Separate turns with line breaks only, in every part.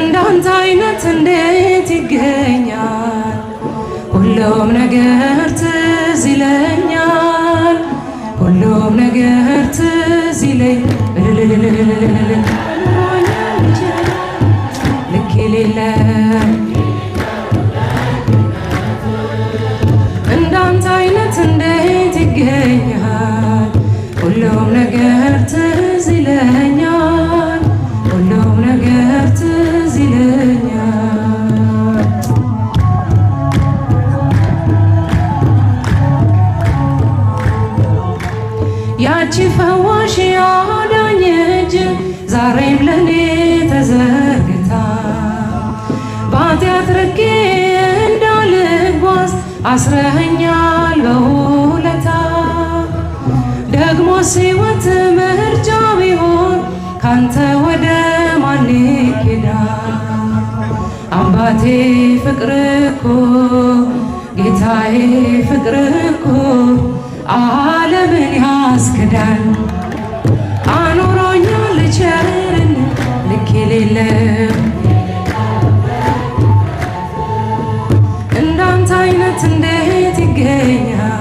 እንዳንተ አይነት እንዴት ይገኛል? ሁሉም ነገር ትዝ ይለኛል፣ ሁሉም ነገር ትዝ ይለኛል። ዛሬም ለእኔ ተዘርግታ በኃጢአት ርቄ እንዳልጓዝ አስረኸኛል በውለታ ደግሞ ሕይወት ምርጫ ቢሆን ካንተ ወደ ማን ይኬዳል? አባቴ ፍቅር እኮ ጌታዬ ፍቅር እኮ ዓለምን ያስክዳል። ኃይል እንዳንተ አይነት እንዴት ይገኛል?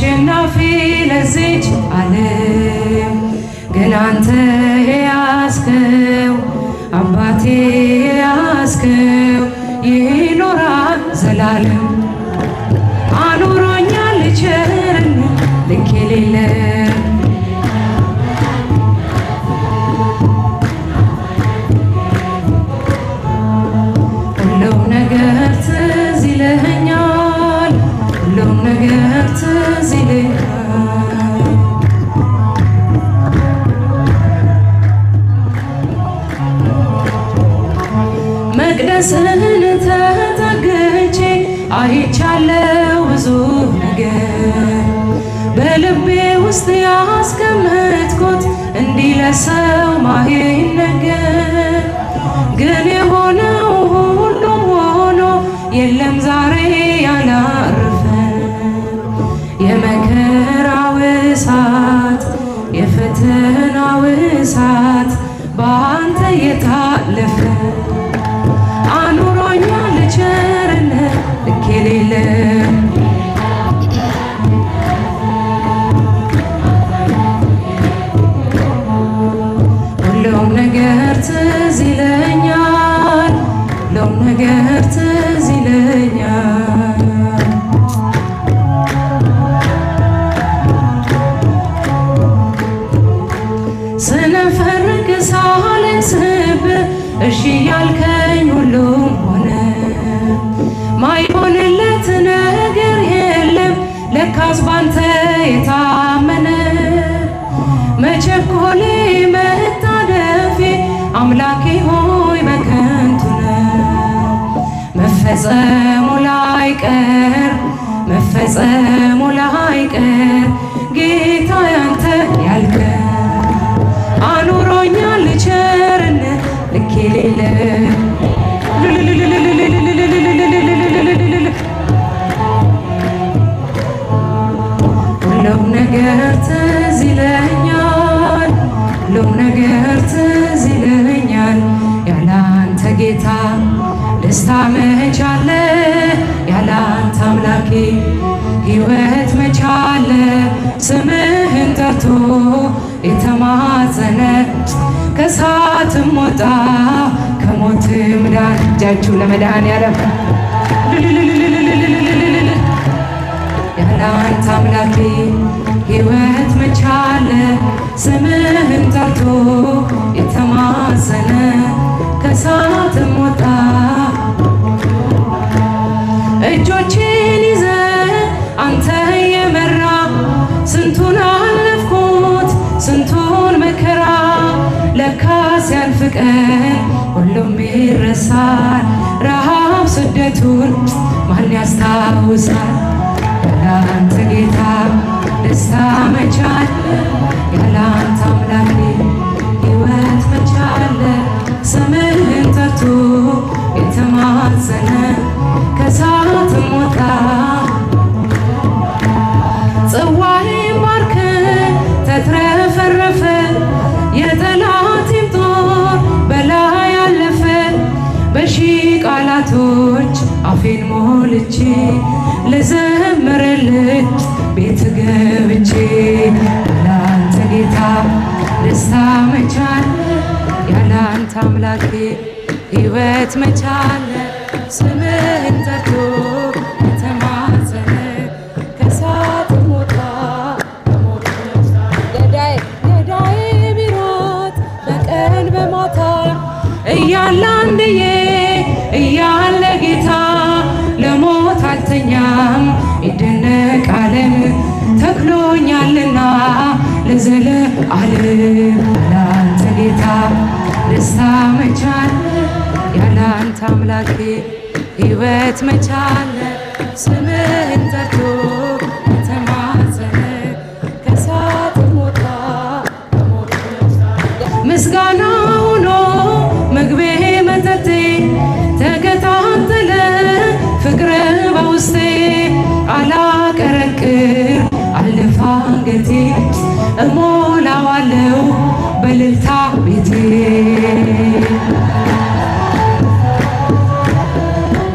አሸናፊ ለዚች ዓለም ግን አንተ ያስከው አባቴ ያስከው ይኖራል ዘላለም አኑሮኛል ቸርነት ልክ የሌለ አይቻለው ብዙ ነገር በልቤ ውስጥ ያስቀመጥኩት እንዲለሰው ማይነገር መፈጸሙ ላይቀር መፈጸሙ ላይቀር ጌታ ያንተ ያልከ አኑሮኛል ቸርነት ልክ የሌለው ሁሉም ነገር በፊቱ የተማፀነ ከሳትም ወጣ ከሞትም ዳን እጃችሁ ለመድኃኔዓለም ያለ አንተ አምላኬ ያስታውሳል ያላንተ ጌታ ደስታ መቻል ያላንተ ልዘምርልህ ቤት ገብቼ ያላንተ ጌታ ደስታ መቻለ ያላንተ አምላኬ ሕይወት መቻለ ስምህን ጠርቶ ዘለዓለም ያላንተ ጌታ ደስታ መቻለ ያላንተ አምላኬ ሕይወት መቻለ ስምህን ጠርቶ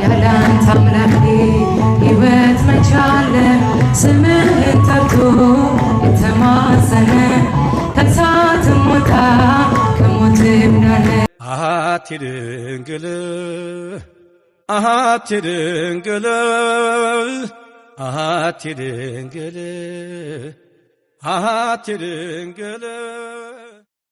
ያላንተ አምላኬ ህይወት መቻለ ስምህን ጠርቶ የተማዘነ ከእሳት ሞታ ከሞት ዳነ አሐቲ ድንግል አሐቲ ድንግል አሐቲ ድንግል አሐቲ ድንግል